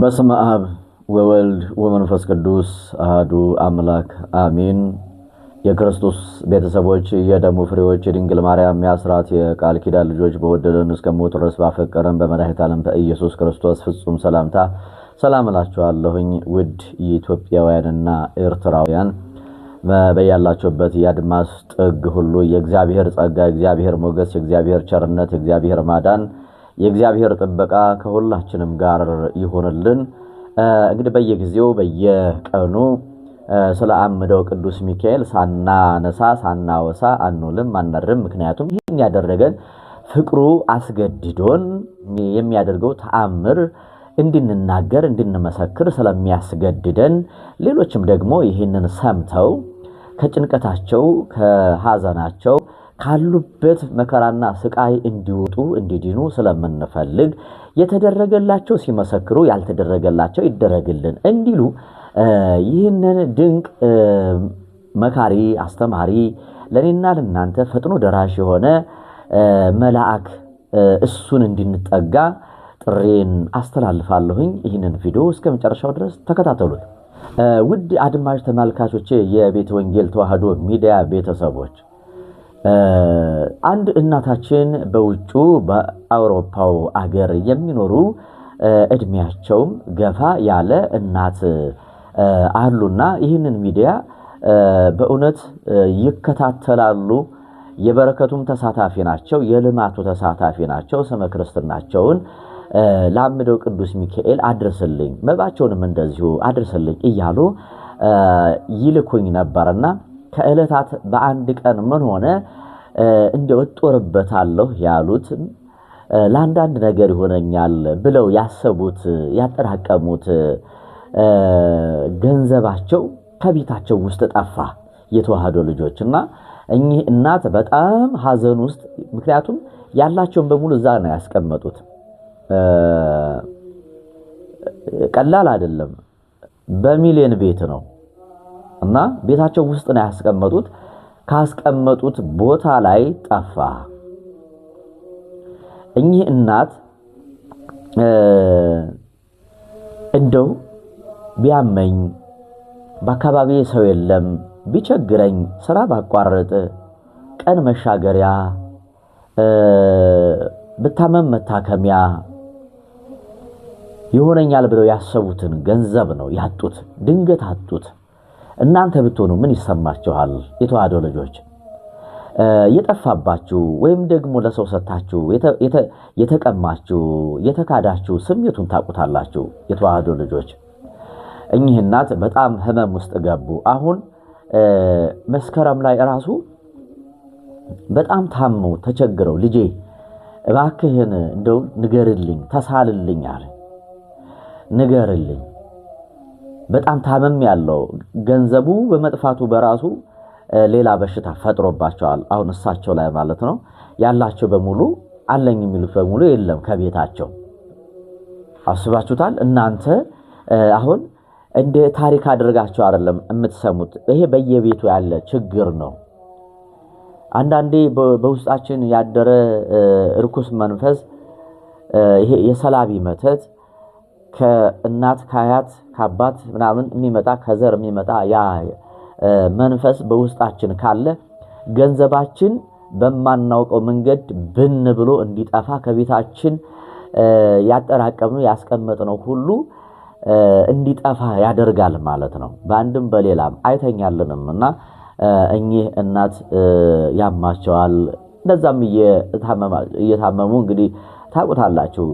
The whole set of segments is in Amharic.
በስመ አብ ወወልድ ወመንፈስ ቅዱስ አህዱ አምላክ አሚን። የክርስቶስ ቤተሰቦች፣ የደሙ ፍሬዎች፣ የድንግል ማርያም የአስራት የቃል ኪዳን ልጆች በወደደን እስከሞት ድረስ ባፈቀረን በመድኃኒተ ዓለም በኢየሱስ ክርስቶስ ፍጹም ሰላምታ ሰላም እላችኋለሁኝ። ውድ የኢትዮጵያውያንና ኤርትራውያን በያላችሁበት የአድማስ ጥግ ሁሉ የእግዚአብሔር ጸጋ፣ የእግዚአብሔር ሞገስ፣ የእግዚአብሔር ቸርነት፣ የእግዚአብሔር ማዳን የእግዚአብሔር ጥበቃ ከሁላችንም ጋር ይሆንልን። እንግዲህ በየጊዜው በየቀኑ ስለ አምደው ቅዱስ ሚካኤል ሳናነሳ ሳናወሳ አንውልም አናድርም። ምክንያቱም ይህን ያደረገን ፍቅሩ አስገድዶን የሚያደርገው ተአምር እንድንናገር እንድንመሰክር ስለሚያስገድደን ሌሎችም ደግሞ ይህንን ሰምተው ከጭንቀታቸው ከሐዘናቸው ካሉበት መከራና ስቃይ እንዲወጡ እንዲድኑ ስለምንፈልግ የተደረገላቸው ሲመሰክሩ ያልተደረገላቸው ይደረግልን እንዲሉ ይህንን ድንቅ መካሪ አስተማሪ ለእኔና ለእናንተ ፈጥኖ ደራሽ የሆነ መልአክ እሱን እንድንጠጋ ጥሬን አስተላልፋለሁኝ። ይህንን ቪዲዮ እስከ መጨረሻው ድረስ ተከታተሉት። ውድ አድማጭ ተመልካቾቼ፣ የቤተ ወንጌል ተዋህዶ ሚዲያ ቤተሰቦች አንድ እናታችን በውጩ በአውሮፓው አገር የሚኖሩ እድሜያቸውም ገፋ ያለ እናት አሉና ይህንን ሚዲያ በእውነት ይከታተላሉ። የበረከቱም ተሳታፊ ናቸው። የልማቱ ተሳታፊ ናቸው። ስመ ክርስትናቸውን ለአምደው ቅዱስ ሚካኤል አድርስልኝ፣ መባቸውንም እንደዚሁ አድርስልኝ እያሉ ይልኩኝ ነበርና ከዕለታት በአንድ ቀን ምን ሆነ እንደ እጦርበታለሁ ያሉት ለአንዳንድ ነገር ይሆነኛል ብለው ያሰቡት ያጠራቀሙት ገንዘባቸው ከቤታቸው ውስጥ ጠፋ። የተዋህዶ ልጆች እና እኚህ እናት በጣም ሀዘን ውስጥ ምክንያቱም ያላቸውን በሙሉ እዛ ነው ያስቀመጡት። ቀላል አይደለም። በሚሊዮን ቤት ነው እና ቤታቸው ውስጥ ነው ያስቀመጡት። ካስቀመጡት ቦታ ላይ ጠፋ። እኚህ እናት እንደው ቢያመኝ በአካባቢ ሰው የለም፣ ቢቸግረኝ፣ ስራ ባቋርጥ፣ ቀን መሻገሪያ፣ ብታመም መታከሚያ ይሆነኛል ብለው ያሰቡትን ገንዘብ ነው ያጡት። ድንገት አጡት። እናንተ ብትሆኑ ምን ይሰማችኋል? የተዋህዶ ልጆች የጠፋባችሁ ወይም ደግሞ ለሰው ሰታችሁ የተቀማችሁ የተካዳችሁ ስሜቱን ታውቁታላችሁ። የተዋህዶ ልጆች እኚህ እናት በጣም ህመም ውስጥ ገቡ። አሁን መስከረም ላይ ራሱ በጣም ታመው ተቸግረው ልጄ እባክህን እንደው ንገርልኝ፣ ተሳልልኝ አለ ንገርልኝ በጣም ታመም ያለው ገንዘቡ በመጥፋቱ በራሱ ሌላ በሽታ ፈጥሮባቸዋል። አሁን እሳቸው ላይ ማለት ነው ያላቸው በሙሉ አለኝ የሚሉት በሙሉ የለም ከቤታቸው አስባችሁታል። እናንተ አሁን እንደ ታሪክ አድርጋቸው አይደለም የምትሰሙት። ይሄ በየቤቱ ያለ ችግር ነው። አንዳንዴ በውስጣችን ያደረ እርኩስ መንፈስ ይሄ የሰላቢ መተት ከእናት ከአያት ከአባት ምናምን የሚመጣ ከዘር የሚመጣ ያ መንፈስ በውስጣችን ካለ ገንዘባችን በማናውቀው መንገድ ብን ብሎ እንዲጠፋ ከቤታችን ያጠራቀምነው ያስቀመጥነው ሁሉ እንዲጠፋ ያደርጋል ማለት ነው። በአንድም በሌላም አይተኛልንም እና እኚህ እናት ያማቸዋል። እንደዛም እየታመሙ እንግዲህ ታውቁታላችሁ።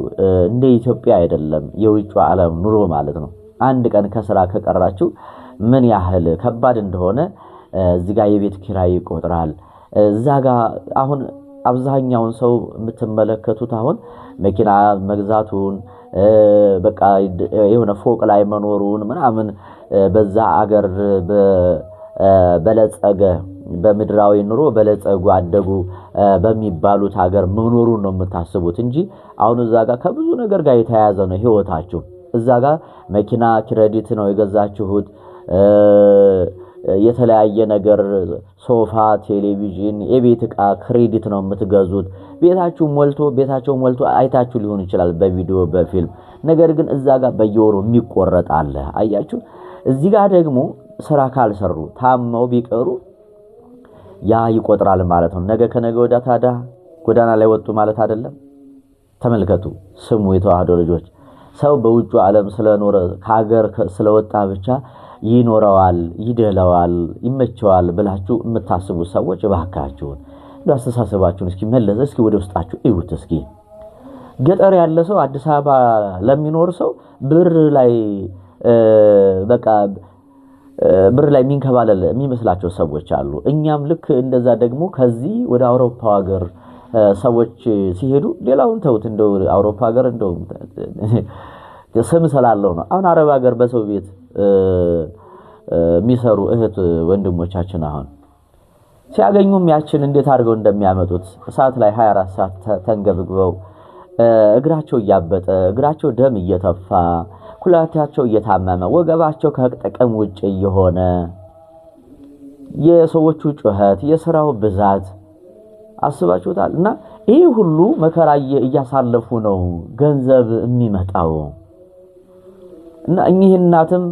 እንደ ኢትዮጵያ አይደለም የውጭ ዓለም ኑሮ ማለት ነው። አንድ ቀን ከስራ ከቀራችሁ ምን ያህል ከባድ እንደሆነ እዚህ ጋር የቤት ኪራይ ይቆጥራል። እዛ ጋ አሁን አብዛኛውን ሰው የምትመለከቱት አሁን መኪና መግዛቱን በቃ የሆነ ፎቅ ላይ መኖሩን ምናምን በዛ አገር በለጸገ በምድራዊ ኑሮ በለጸጉ አደጉ በሚባሉት ሀገር መኖሩን ነው የምታስቡት እንጂ አሁን እዛ ጋር ከብዙ ነገር ጋር የተያያዘ ነው ህይወታችሁ። እዛ ጋር መኪና ክሬዲት ነው የገዛችሁት፣ የተለያየ ነገር ሶፋ፣ ቴሌቪዥን፣ የቤት ዕቃ ክሬዲት ነው የምትገዙት። ቤታችሁ ሞልቶ ቤታቸው ሞልቶ አይታችሁ ሊሆን ይችላል በቪዲዮ በፊልም። ነገር ግን እዛ ጋር በየወሩ የሚቆረጥ አለ። አያችሁ፣ እዚህ ጋር ደግሞ ስራ ካልሰሩ ታመው ቢቀሩ ያ ይቆጥራል ማለት ነው። ነገ ከነገ ወደ ታዳ ጎዳና ላይ ወጡ ማለት አይደለም። ተመልከቱ፣ ስሙ የተዋህዶ ልጆች፣ ሰው በውጩ ዓለም ስለኖረ ከሀገር ስለወጣ ብቻ ይኖረዋል፣ ይደለዋል፣ ይመቸዋል ብላችሁ የምታስቡ ሰዎች እባካችሁን አስተሳሰባችሁን እስኪ መለስ እስኪ ወደ ውስጣችሁ እዩት እስኪ ገጠር ያለ ሰው አዲስ አበባ ለሚኖር ሰው ብር ላይ በቃ ብር ላይ የሚንከባለል የሚመስላቸው ሰዎች አሉ። እኛም ልክ እንደዛ ደግሞ ከዚህ ወደ አውሮፓ ሀገር ሰዎች ሲሄዱ ሌላውን ተውት፣ እንደ አውሮፓ ሀገር እንደ ስም ስላለው ነው። አሁን አረብ ሀገር በሰው ቤት የሚሰሩ እህት ወንድሞቻችን አሁን ሲያገኙም ያችን እንዴት አድርገው እንደሚያመጡት ሰዓት ላይ 24 ሰዓት ተንገብግበው እግራቸው እያበጠ እግራቸው ደም እየተፋ ኩላታቸው እየታመመ ወገባቸው ከጥቅም ውጭ እየሆነ የሰዎቹ ጩኸት፣ የስራው ብዛት አስባችሁታል። እና ይህ ሁሉ መከራ እያሳለፉ ነው ገንዘብ የሚመጣው። እና እኚህ እናትም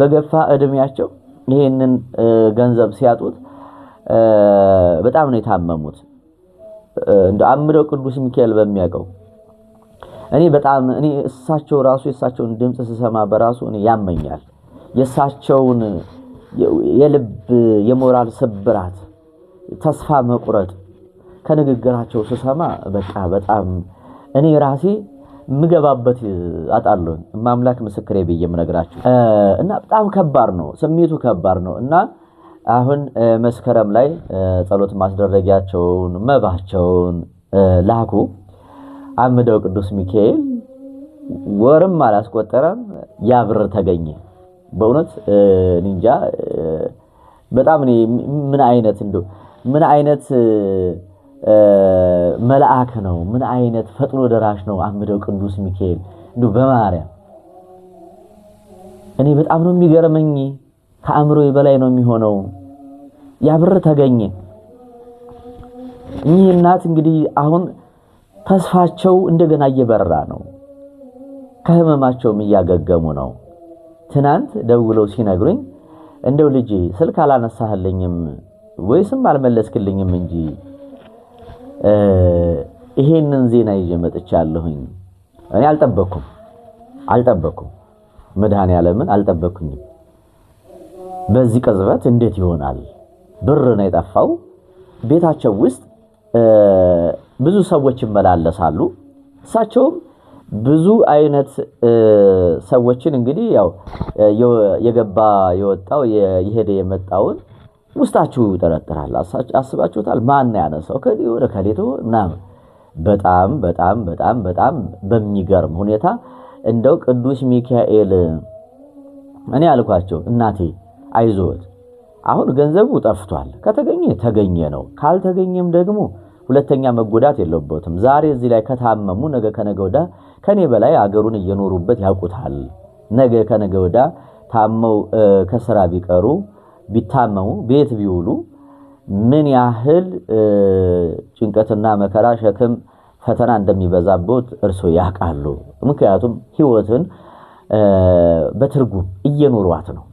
በገፋ እድሜያቸው ይህንን ገንዘብ ሲያጡት በጣም ነው የታመሙት። እንደ አምደው ቅዱስ ሚካኤል በሚያውቀው እኔ በጣም እኔ እሳቸው ራሱ የእሳቸውን ድምፅ ስሰማ በራሱ እኔ ያመኛል። የእሳቸውን የልብ የሞራል ስብራት፣ ተስፋ መቁረጥ ከንግግራቸው ስሰማ በቃ በጣም እኔ ራሴ የምገባበት አጣለኝ ማምላክ ምስክሬ ብዬ የምነግራቸው እና በጣም ከባድ ነው፣ ስሜቱ ከባድ ነው እና አሁን መስከረም ላይ ጸሎት ማስደረጊያቸውን መባቸውን ላኩ። አምደው ቅዱስ ሚካኤል ወርም አላስቆጠረም፣ ያ ብር ተገኘ። በእውነት እንጃ በጣም እኔ ምን አይነት እንደው ምን አይነት መልአክ ነው? ምን አይነት ፈጥኖ ደራሽ ነው? አምደው ቅዱስ ሚካኤል እንደው በማርያም እኔ በጣም ነው የሚገርመኝ። ከአእምሮ በላይ ነው የሚሆነው። ያ ብር ተገኘ። እኚህ እናት እንግዲህ አሁን ተስፋቸው እንደገና እየበራ ነው። ከህመማቸውም እያገገሙ ነው። ትናንት ደውለው ሲነግሩኝ እንደው ልጅ ስልክ አላነሳህልኝም ወይስም አልመለስክልኝም እንጂ ይሄንን ዜና ይዤ መጥቻለሁኝ። እኔ አልጠበኩም አልጠበኩም መድኃኔ ዓለምን አልጠበኩኝም። በዚህ ቅጽበት እንዴት ይሆናል? ብር ነው የጠፋው ቤታቸው ውስጥ ብዙ ሰዎች ይመላለሳሉ። እሳቸውም ብዙ አይነት ሰዎችን እንግዲህ ያው የገባ የወጣው የሄደ የመጣውን ውስጣችሁ ይጠረጥራል። አስባችሁታል? ማን ያነሳው ከዲ ወደ ከሌቶ ምናምን በጣም በጣም በጣም በጣም በሚገርም ሁኔታ እንደው ቅዱስ ሚካኤል እኔ አልኳቸው እናቴ አይዞት አሁን ገንዘቡ ጠፍቷል። ከተገኘ ተገኘ ነው፣ ካልተገኘም ደግሞ ሁለተኛ መጎዳት የለበትም። ዛሬ እዚህ ላይ ከታመሙ ነገ ከነገ ወዳ ከኔ በላይ አገሩን እየኖሩበት ያውቁታል። ነገ ከነገ ወዳ ታመው ከስራ ቢቀሩ ቢታመሙ ቤት ቢውሉ ምን ያህል ጭንቀትና መከራ፣ ሸክም፣ ፈተና እንደሚበዛበት እርሶ ያውቃሉ። ምክንያቱም ህይወትን በትርጉም እየኖሯት ነው።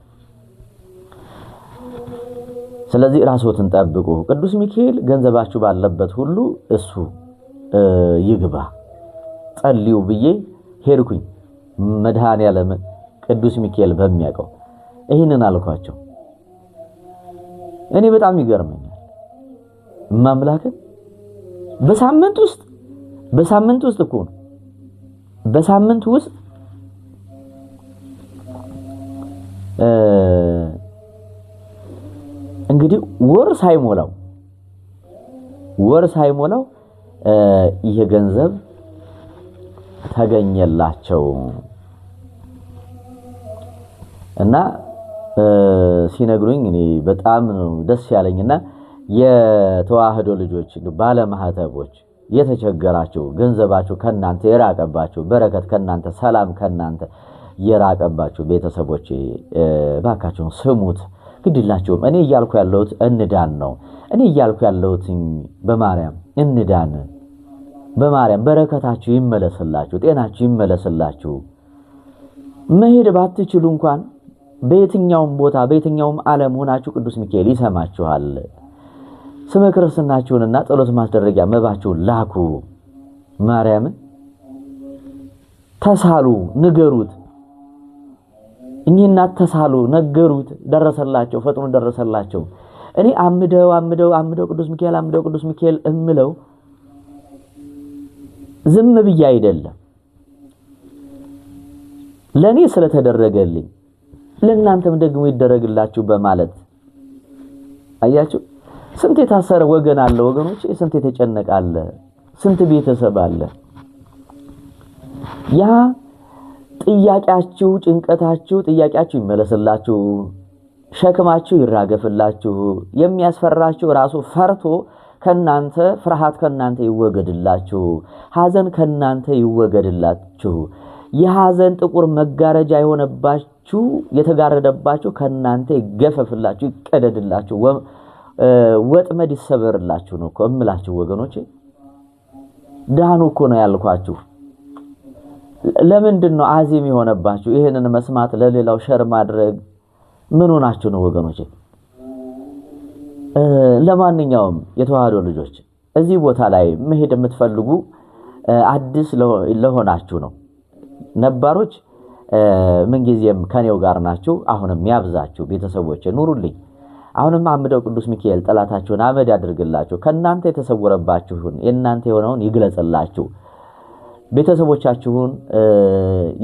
ስለዚህ ራስዎትን ጠብቁ። ቅዱስ ሚካኤል ገንዘባችሁ ባለበት ሁሉ እሱ ይግባ። ጸልዩ ብዬ ሄድኩኝ መድሃን ያለ ቅዱስ ሚካኤል በሚያውቀው ይህንን አልኳቸው። እኔ በጣም ይገርመኛል ማምላክን በሳምንት ውስጥ በሳምንት ውስጥ እኮ ነው በሳምንት ውስጥ እንግዲህ ወር ሳይሞላው ወር ሳይሞላው ይሄ ገንዘብ ተገኘላቸው እና ሲነግሩኝ እኔ በጣም ደስ ያለኝና የተዋህዶ ልጆች ባለማህተቦች የተቸገራቸው ገንዘባቸው ከናንተ የራቀባቸው በረከት ከናንተ ሰላም ከናንተ የራቀባቸው ቤተሰቦች እባካቸውን ስሙት። ግድላቸውም እኔ እያልኩ ያለሁት እንዳን ነው። እኔ እያልኩ ያለሁት በማርያም እንዳን፣ በማርያም በረከታችሁ ይመለስላችሁ፣ ጤናችሁ ይመለስላችሁ። መሄድ ባትችሉ እንኳን በየትኛውም ቦታ በየትኛውም ዓለም ሆናችሁ ቅዱስ ሚካኤል ይሰማችኋል። ስመ ክርስትናችሁንና ጸሎት ማስደረጊያ መባችሁን ላኩ። ማርያምን ተሳሉ፣ ንገሩት እኚህ እናት ተሳሉ፣ ነገሩት፣ ደረሰላቸው፣ ፈጥኖ ደረሰላቸው። እኔ አምደው አምደው አምደው ቅዱስ ሚካኤል አምደው ቅዱስ ሚካኤል እምለው ዝም ብዬ አይደለም፣ ለእኔ ስለተደረገልኝ ለእናንተም ደግሞ ይደረግላችሁ በማለት አያችሁ። ስንት የታሰረ ወገን አለ ወገኖች፣ ስንት የተጨነቀ አለ፣ ስንት ቤተሰብ አለ ያ ጥያቄያችሁ፣ ጭንቀታችሁ፣ ጥያቄያችሁ ይመለስላችሁ፣ ሸክማችሁ ይራገፍላችሁ። የሚያስፈራችሁ ራሱ ፈርቶ ከናንተ ፍርሃት ከናንተ ይወገድላችሁ፣ ሐዘን ከናንተ ይወገድላችሁ። የሐዘን ጥቁር መጋረጃ የሆነባችሁ የተጋረደባችሁ ከናንተ ይገፈፍላችሁ፣ ይቀደድላችሁ፣ ወጥመድ ይሰበርላችሁ ነው እኮ እምላችሁ ወገኖቼ። ዳኑ እኮ ነው ያልኳችሁ። ለምንድን ነው አዚም የሆነባችሁ? ይህንን መስማት ለሌላው ሸር ማድረግ ምኑ ሆናችሁ ነው ወገኖች? ለማንኛውም የተዋህዶ ልጆች እዚህ ቦታ ላይ መሄድ የምትፈልጉ አዲስ ለሆናችሁ ነው። ነባሮች ምንጊዜም ከኔው ጋር ናችሁ። አሁንም ያብዛችሁ ቤተሰቦች፣ ኑሩልኝ። አሁንም አምደው ቅዱስ ሚካኤል ጠላታችሁን አመድ ያድርግላችሁ፣ ከእናንተ የተሰወረባችሁን የእናንተ የሆነውን ይግለጽላችሁ። ቤተሰቦቻችሁን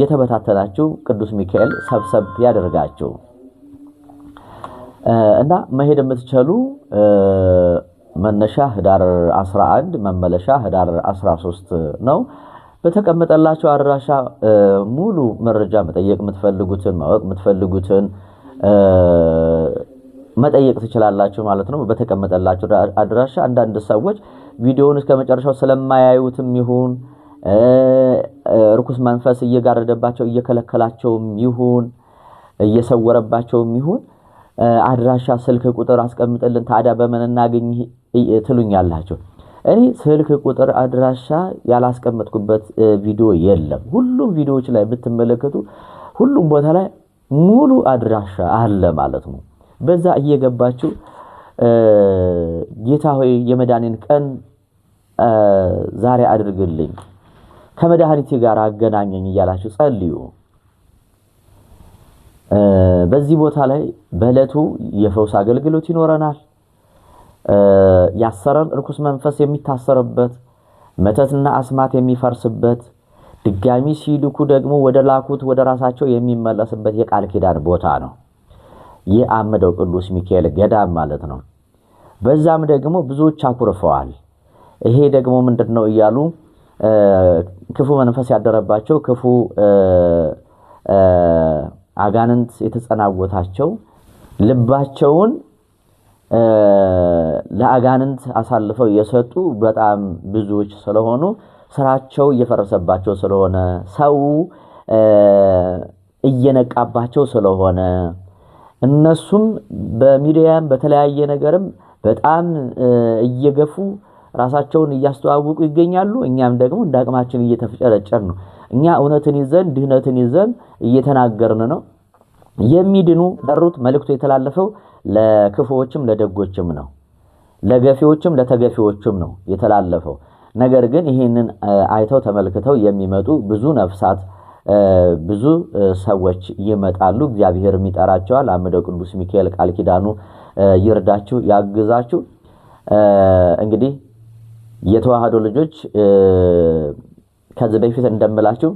የተበታተናችሁ ቅዱስ ሚካኤል ሰብሰብ ያደርጋችሁ እና መሄድ የምትችሉ መነሻ ህዳር 11 መመለሻ ህዳር 13 ነው። በተቀመጠላቸው አድራሻ ሙሉ መረጃ መጠየቅ የምትፈልጉትን ማወቅ የምትፈልጉትን መጠየቅ ትችላላችሁ ማለት ነው። በተቀመጠላቸው አድራሻ አንዳንድ ሰዎች ቪዲዮውን እስከ መጨረሻው ስለማያዩትም ይሁን ርኩስ መንፈስ እየጋረደባቸው እየከለከላቸውም ይሁን እየሰወረባቸውም ይሁን አድራሻ፣ ስልክ ቁጥር አስቀምጥልን ታዲያ በምን እናገኝ ትሉኛላቸው። እኔ ስልክ ቁጥር አድራሻ ያላስቀመጥኩበት ቪዲዮ የለም። ሁሉም ቪዲዮዎች ላይ ብትመለከቱ ሁሉም ቦታ ላይ ሙሉ አድራሻ አለ ማለት ነው። በዛ እየገባችሁ ጌታ ሆይ የመዳኔን ቀን ዛሬ አድርግልኝ ከመድኃኒቴ ጋር አገናኘኝ እያላችሁ ጸልዩ። በዚህ ቦታ ላይ በእለቱ የፈውስ አገልግሎት ይኖረናል። ያሰረን እርኩስ መንፈስ የሚታሰርበት፣ መተትና አስማት የሚፈርስበት፣ ድጋሚ ሲልኩ ደግሞ ወደ ላኩት ወደ ራሳቸው የሚመለስበት የቃል ኪዳን ቦታ ነው። ይህ አምደው ቅዱስ ሚካኤል ገዳም ማለት ነው። በዛም ደግሞ ብዙዎች አኩርፈዋል። ይሄ ደግሞ ምንድን ነው እያሉ ክፉ መንፈስ ያደረባቸው ክፉ አጋንንት የተጸናወታቸው ልባቸውን ለአጋንንት አሳልፈው የሰጡ በጣም ብዙዎች ስለሆኑ ስራቸው እየፈረሰባቸው ስለሆነ ሰው እየነቃባቸው ስለሆነ እነሱም በሚዲያም በተለያየ ነገርም በጣም እየገፉ ራሳቸውን እያስተዋውቁ ይገኛሉ። እኛም ደግሞ እንደ አቅማችን እየተፍጨረጨር ነው። እኛ እውነትን ይዘን ድህነትን ይዘን እየተናገርን ነው። የሚድኑ ጠሩት። መልእክቱ የተላለፈው ለክፉዎችም ለደጎችም ነው፣ ለገፊዎችም ለተገፊዎችም ነው የተላለፈው። ነገር ግን ይህንን አይተው ተመልክተው የሚመጡ ብዙ ነፍሳት ብዙ ሰዎች ይመጣሉ። እግዚአብሔር ይጠራቸዋል። አምደ ቅዱስ ሚካኤል ቃል ኪዳኑ ይርዳችሁ ያግዛችሁ። እንግዲህ የተዋህዶ ልጆች ከዚህ በፊት እንደምላችሁ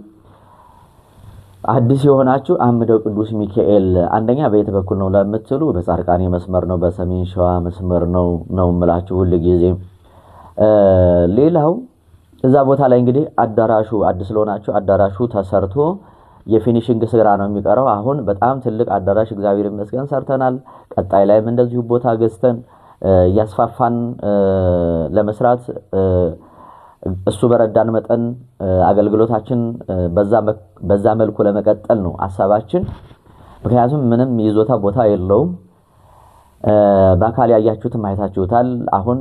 አዲስ የሆናችሁ አምደው ቅዱስ ሚካኤል አንደኛ በየት በኩል ነው ለምትሉ በጻድቃኔ መስመር ነው፣ በሰሜን ሸዋ መስመር ነው ነው የምላችሁ ሁል ጊዜ። ሌላው እዛ ቦታ ላይ እንግዲህ አዳራሹ አዲስ ለሆናችሁ አዳራሹ ተሰርቶ የፊኒሽንግ ስራ ነው የሚቀረው። አሁን በጣም ትልቅ አዳራሽ እግዚአብሔር ይመስገን ሰርተናል። ቀጣይ ላይም እንደዚሁ ቦታ ገዝተን እያስፋፋን ለመስራት እሱ በረዳን መጠን አገልግሎታችን በዛ መልኩ ለመቀጠል ነው ሀሳባችን። ምክንያቱም ምንም ይዞታ ቦታ የለውም። በአካል ያያችሁትም አይታችሁታል። አሁን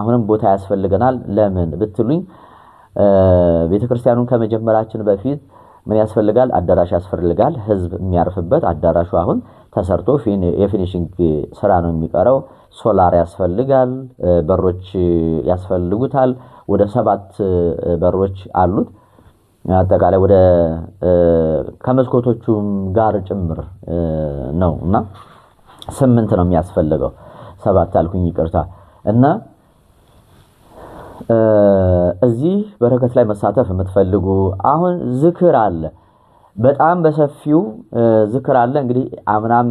አሁንም ቦታ ያስፈልገናል። ለምን ብትሉኝ ቤተክርስቲያኑን ከመጀመራችን በፊት ምን ያስፈልጋል? አዳራሽ ያስፈልጋል። ህዝብ የሚያርፍበት አዳራሹ አሁን ተሰርቶ የፊኒሽንግ ስራ ነው የሚቀረው። ሶላር ያስፈልጋል፣ በሮች ያስፈልጉታል። ወደ ሰባት በሮች አሉት። አጠቃላይ ወደ ከመስኮቶቹም ጋር ጭምር ነው እና ስምንት ነው የሚያስፈልገው። ሰባት አልኩኝ ይቅርታ። እና እዚህ በረከት ላይ መሳተፍ የምትፈልጉ አሁን ዝክር አለ በጣም በሰፊው ዝክር አለ። እንግዲህ አምናም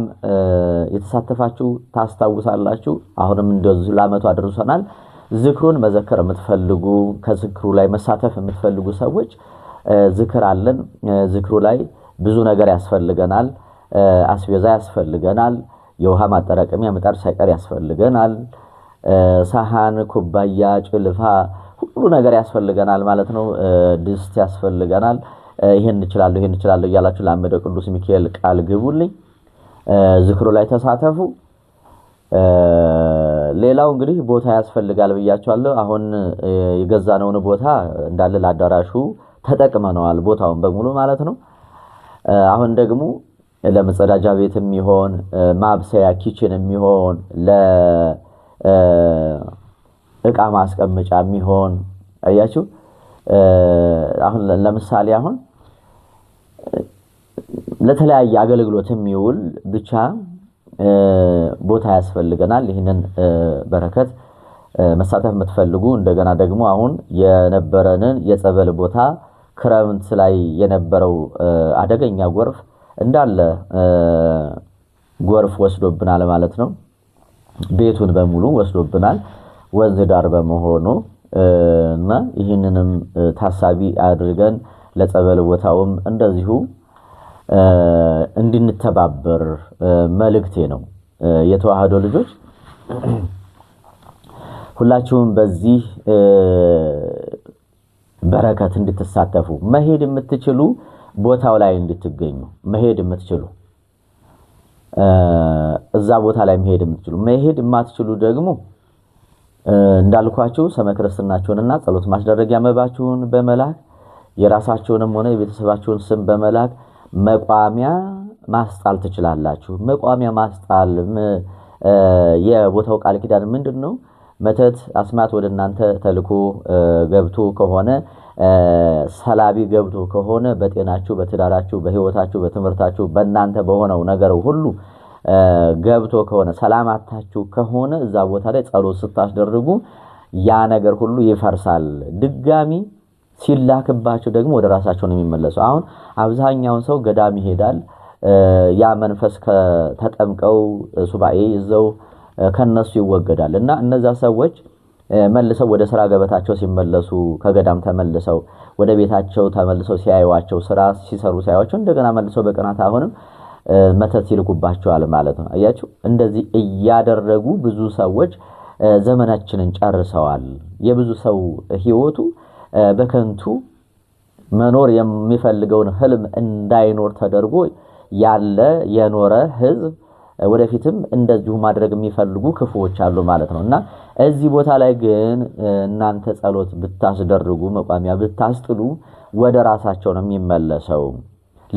የተሳተፋችሁ ታስታውሳላችሁ። አሁንም እንደዚሁ ለአመቱ አድርሰናል። ዝክሩን መዘከር የምትፈልጉ ከዝክሩ ላይ መሳተፍ የምትፈልጉ ሰዎች ዝክር አለን። ዝክሩ ላይ ብዙ ነገር ያስፈልገናል። አስቤዛ ያስፈልገናል። የውሃ ማጠራቀሚያ ምጣድ ሳይቀር ያስፈልገናል። ሳሃን፣ ኩባያ፣ ጭልፋ ሁሉ ነገር ያስፈልገናል ማለት ነው። ድስት ያስፈልገናል። ይሄን እችላለሁ ይሄን እችላለሁ እያላችሁ ለአመደ ቅዱስ ሚካኤል ቃል ግቡልኝ። ዝክሩ ላይ ተሳተፉ። ሌላው እንግዲህ ቦታ ያስፈልጋል ብያቸዋለሁ። አሁን የገዛነውን ቦታ እንዳለ ለአዳራሹ ተጠቅመነዋል፣ ቦታውን በሙሉ ማለት ነው። አሁን ደግሞ ለመጸዳጃ ቤት የሚሆን ማብሰያ ኪችን የሚሆን ለእቃ ማስቀመጫ የሚሆን አያችሁ። አሁን ለምሳሌ አሁን ለተለያየ አገልግሎት የሚውል ብቻ ቦታ ያስፈልገናል። ይህንን በረከት መሳተፍ የምትፈልጉ እንደገና ደግሞ አሁን የነበረንን የጸበል ቦታ ክረምት ላይ የነበረው አደገኛ ጎርፍ እንዳለ ጎርፍ ወስዶብናል ማለት ነው። ቤቱን በሙሉ ወስዶብናል ወንዝ ዳር በመሆኑ እና ይህንንም ታሳቢ አድርገን ለጸበል ቦታውም እንደዚሁ እንድንተባበር መልእክቴ ነው። የተዋህዶ ልጆች ሁላችሁም በዚህ በረከት እንድትሳተፉ መሄድ የምትችሉ ቦታው ላይ እንድትገኙ መሄድ የምትችሉ እዛ ቦታ ላይ መሄድ የምትችሉ መሄድ የማትችሉ ደግሞ እንዳልኳችሁ ሰመ ክርስትናችሁንና ጸሎት ማስደረጊያ መባችሁን በመላክ የራሳቸውንም ሆነ የቤተሰባቸውን ስም በመላክ መቋሚያ ማስጣል ትችላላችሁ። መቋሚያ ማስጣል የቦታው ቃል ኪዳን ምንድን ነው? መተት አስማት ወደ እናንተ ተልኮ ገብቶ ከሆነ ሰላቢ ገብቶ ከሆነ በጤናችሁ፣ በትዳራችሁ፣ በህይወታችሁ በትምህርታችሁ በእናንተ በሆነው ነገር ሁሉ ገብቶ ከሆነ ሰላማታችሁ ከሆነ እዛ ቦታ ላይ ጸሎት ስታስደርጉ ያ ነገር ሁሉ ይፈርሳል ድጋሚ ሲላክባቸው ደግሞ ወደ ራሳቸው ነው የሚመለሱ። አሁን አብዛኛውን ሰው ገዳም ይሄዳል። ያ መንፈስ ተጠምቀው ሱባኤ ይዘው ከነሱ ይወገዳል እና እነዛ ሰዎች መልሰው ወደ ስራ ገበታቸው ሲመለሱ ከገዳም ተመልሰው ወደ ቤታቸው ተመልሰው ሲያዩዋቸው ስራ ሲሰሩ ሲያዩዋቸው እንደገና መልሰው በቅናት አሁንም መተት ይልኩባቸዋል ማለት ነው። አያችሁ፣ እንደዚህ እያደረጉ ብዙ ሰዎች ዘመናችንን ጨርሰዋል። የብዙ ሰው ህይወቱ በከንቱ መኖር የሚፈልገውን ህልም እንዳይኖር ተደርጎ ያለ የኖረ ህዝብ ወደፊትም እንደዚሁ ማድረግ የሚፈልጉ ክፉዎች አሉ ማለት ነው እና እዚህ ቦታ ላይ ግን እናንተ ጸሎት ብታስደርጉ መቋሚያ ብታስጥሉ ወደ ራሳቸው ነው የሚመለሰው።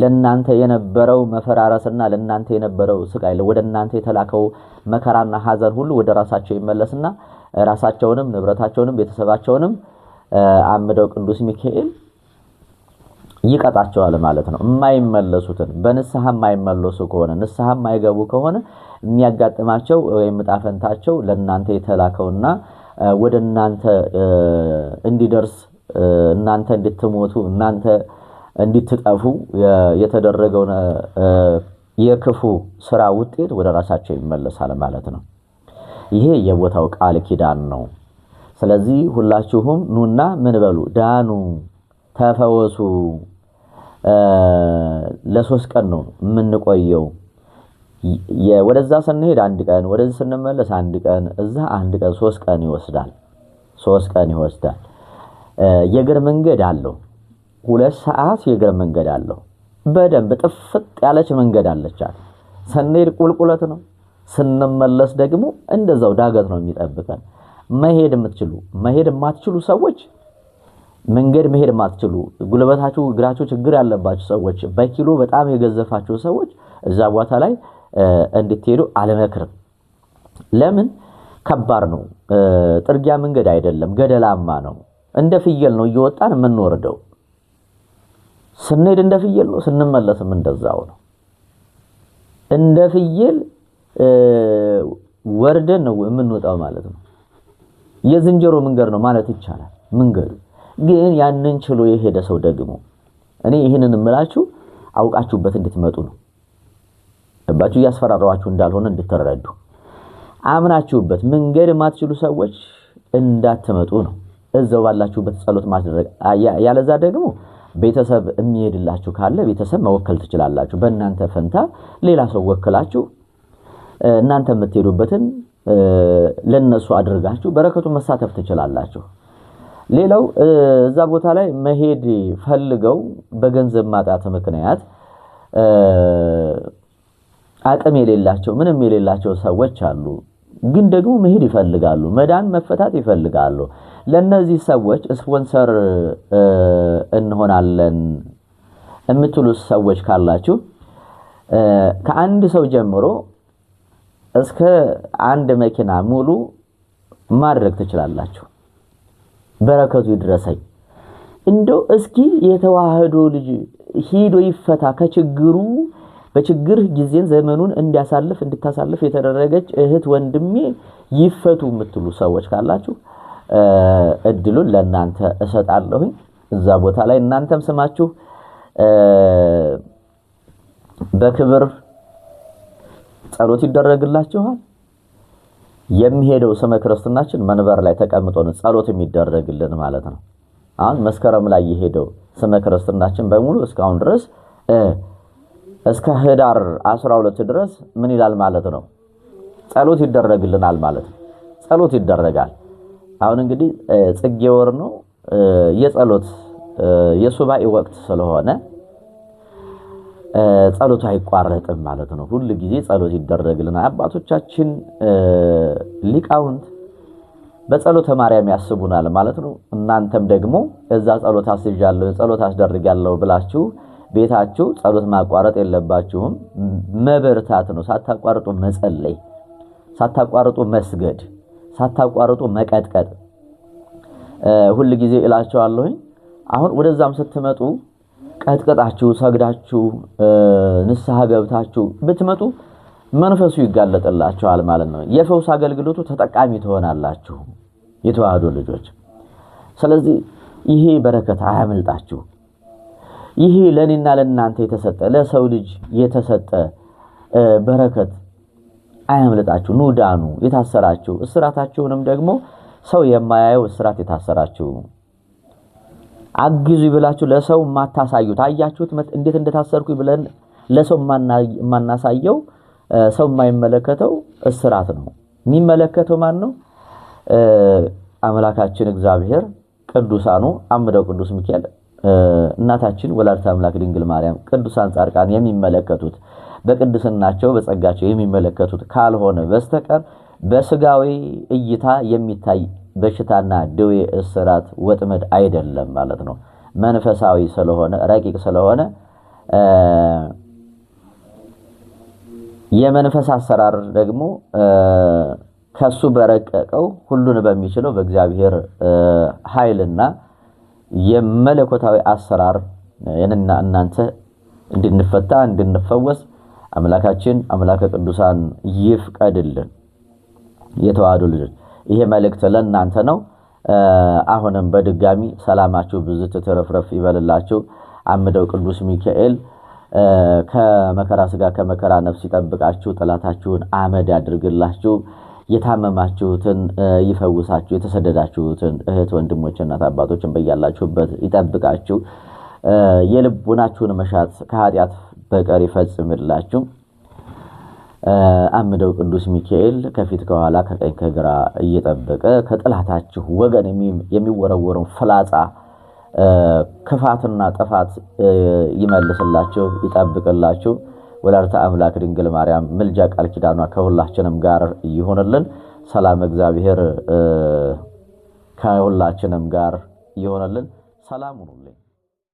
ለእናንተ የነበረው መፈራረስና ለእናንተ የነበረው ስቃይ ወደ እናንተ የተላከው መከራና ሀዘን ሁሉ ወደ ራሳቸው ይመለስና ራሳቸውንም ንብረታቸውንም ቤተሰባቸውንም አምደው ቅዱስ ሚካኤል ይቀጣቸዋል ማለት ነው። የማይመለሱትን በንስሐ የማይመለሱ ከሆነ ንስሐ የማይገቡ ከሆነ የሚያጋጥማቸው ወይም ዕጣ ፈንታቸው ለእናንተ የተላከውና ወደ እናንተ እንዲደርስ እናንተ እንድትሞቱ እናንተ እንድትጠፉ የተደረገው የክፉ ስራ ውጤት ወደ ራሳቸው ይመለሳል ማለት ነው። ይሄ የቦታው ቃል ኪዳን ነው። ስለዚህ ሁላችሁም ኑና ምን በሉ ዳኑ፣ ተፈወሱ። ለሶስት ቀን ነው የምንቆየው። ወደዛ ስንሄድ አንድ ቀን፣ ወደዚህ ስንመለስ አንድ ቀን፣ እዛ አንድ ቀን፣ ሶስት ቀን ይወስዳል። ሶስት ቀን ይወስዳል። የእግር መንገድ አለው። ሁለት ሰዓት የእግር መንገድ አለው። በደንብ ጥፍጥ ያለች መንገድ አለቻት። ስንሄድ ቁልቁለት ነው፣ ስንመለስ ደግሞ እንደዛው ዳገት ነው የሚጠብቀን። መሄድ የምትችሉ መሄድ የማትችሉ ሰዎች መንገድ መሄድ የማትችሉ ጉልበታችሁ፣ እግራችሁ ችግር ያለባቸው ሰዎች፣ በኪሎ በጣም የገዘፋቸው ሰዎች እዛ ቦታ ላይ እንድትሄዱ አልመክርም። ለምን? ከባድ ነው። ጥርጊያ መንገድ አይደለም፣ ገደላማ ነው። እንደ ፍየል ነው እየወጣን የምንወርደው። ስንሄድ እንደ ፍየል ነው፣ ስንመለስም እንደዛው ነው። እንደ ፍየል ወርደን ነው የምንወጣው ማለት ነው። የዝንጀሮ መንገድ ነው ማለት ይቻላል። መንገዱ ግን ያንን ችሎ የሄደ ሰው ደግሞ እኔ ይህንን እምላችሁ አውቃችሁበት እንድትመጡ ነው። ገባችሁ? እያስፈራረዋችሁ እንዳልሆነ እንድትረዱ አምናችሁበት መንገድ የማትችሉ ሰዎች እንዳትመጡ ነው። እዛው ባላችሁበት ጸሎት ማስደረግ፣ ያለዛ ደግሞ ቤተሰብ የሚሄድላችሁ ካለ ቤተሰብ መወከል ትችላላችሁ። በእናንተ ፈንታ ሌላ ሰው ወክላችሁ እናንተ የምትሄዱበትን ለነሱ አድርጋችሁ በረከቱን መሳተፍ ትችላላችሁ። ሌላው እዛ ቦታ ላይ መሄድ ፈልገው በገንዘብ ማጣት ምክንያት አቅም የሌላቸው ምንም የሌላቸው ሰዎች አሉ። ግን ደግሞ መሄድ ይፈልጋሉ፣ መዳን መፈታት ይፈልጋሉ። ለእነዚህ ሰዎች ስፖንሰር እንሆናለን የምትሉ ሰዎች ካላችሁ ከአንድ ሰው ጀምሮ እስከ አንድ መኪና ሙሉ ማድረግ ትችላላችሁ። በረከቱ ይድረሰኝ። እንደው እስኪ የተዋህዶ ልጅ ሂዶ ይፈታ ከችግሩ በችግር ጊዜን ዘመኑን እንዲያሳልፍ እንድታሳልፍ የተደረገች እህት ወንድሜ ይፈቱ የምትሉ ሰዎች ካላችሁ እድሉን ለእናንተ እሰጣለሁኝ። እዛ ቦታ ላይ እናንተም ስማችሁ በክብር ጸሎት ይደረግላችኋል። የሚሄደው ስመ ክርስትናችን መንበር ላይ ተቀምጦ ነው ጸሎት የሚደረግልን ማለት ነው። አሁን መስከረም ላይ የሄደው ስመ ክርስትናችን በሙሉ እስካሁን ድረስ እስከ ህዳር 12 ድረስ ምን ይላል ማለት ነው? ጸሎት ይደረግልናል ማለት ነው። ጸሎት ይደረጋል። አሁን እንግዲህ ጽጌ ወር ነው የጸሎት የሱባኤ ወቅት ስለሆነ ጸሎቱ አይቋረጥም ማለት ነው። ሁል ጊዜ ጸሎት ይደረግልናል። አባቶቻችን ሊቃውንት በጸሎተ ማርያም ያስቡናል ማለት ነው። እናንተም ደግሞ እዛ ጸሎት አስዣለሁ ጸሎት አስደርጋለሁ ብላችሁ ቤታችሁ ጸሎት ማቋረጥ የለባችሁም። መበርታት ነው። ሳታቋርጡ መጸለይ፣ ሳታቋርጡ መስገድ፣ ሳታቋርጡ መቀጥቀጥ። ሁል ጊዜ እላቸዋለሁኝ አሁን ወደዛም ስትመጡ ቀጥቅጣችሁ ሰግዳችሁ ንስሐ ገብታችሁ ብትመጡ መንፈሱ ይጋለጥላችኋል ማለት ነው። የፈውስ አገልግሎቱ ተጠቃሚ ትሆናላችሁ የተዋህዶ ልጆች። ስለዚህ ይሄ በረከት አያምልጣችሁ። ይሄ ለእኔና ለእናንተ የተሰጠ ለሰው ልጅ የተሰጠ በረከት አያምልጣችሁ። ኑዳኑ የታሰራችሁ እስራታችሁንም ደግሞ ሰው የማያየው እስራት የታሰራችሁ አግዙ ብላችሁ ለሰው ማታሳዩት አያችሁት እንዴት እንደታሰርኩ ብለን ለሰው የማናሳየው ሰው የማይመለከተው እስራት ነው። የሚመለከተው ማን ነው? አምላካችን እግዚአብሔር፣ ቅዱሳኑ አምደው ቅዱስ ሚካኤል፣ እናታችን ወላዲተ አምላክ ድንግል ማርያም፣ ቅዱሳን ጻድቃን የሚመለከቱት በቅድስናቸው በጸጋቸው የሚመለከቱት ካልሆነ በስተቀር በስጋዊ እይታ የሚታይ በሽታና ደዌ፣ እስራት፣ ወጥመድ አይደለም ማለት ነው። መንፈሳዊ ስለሆነ ረቂቅ ስለሆነ የመንፈስ አሰራር ደግሞ ከሱ በረቀቀው ሁሉን በሚችለው በእግዚአብሔር ኃይልና የመለኮታዊ አሰራር እኔና እናንተ እንድንፈታ እንድንፈወስ አምላካችን አምላከ ቅዱሳን ይፍቀድልን የተዋህዶ ልጆች ይሄ መልእክት ለእናንተ ነው። አሁንም በድጋሚ ሰላማችሁ ብዙ ትትረፍረፍ ይበልላችሁ። አምደው ቅዱስ ሚካኤል ከመከራ ስጋ ከመከራ ነፍስ ይጠብቃችሁ፣ ጠላታችሁን አመድ ያድርግላችሁ፣ የታመማችሁትን ይፈውሳችሁ፣ የተሰደዳችሁትን እህት ወንድሞች፣ እናት አባቶችን በያላችሁበት ይጠብቃችሁ፣ የልቡናችሁን መሻት ከኃጢአት በቀር ይፈጽምላችሁ። አምደው ቅዱስ ሚካኤል ከፊት ከኋላ ከቀኝ ከግራ እየጠበቀ ከጠላታችሁ ወገን የሚወረወረው ፍላጻ ክፋትና ጥፋት ይመልስላችሁ፣ ይጠብቅላችሁ። ወላዲተ አምላክ ድንግል ማርያም ምልጃ ቃል ኪዳኗ ከሁላችንም ጋር ይሆንልን። ሰላም እግዚአብሔር ከሁላችንም ጋር ይሆንልን። ሰላም ሁኑልን።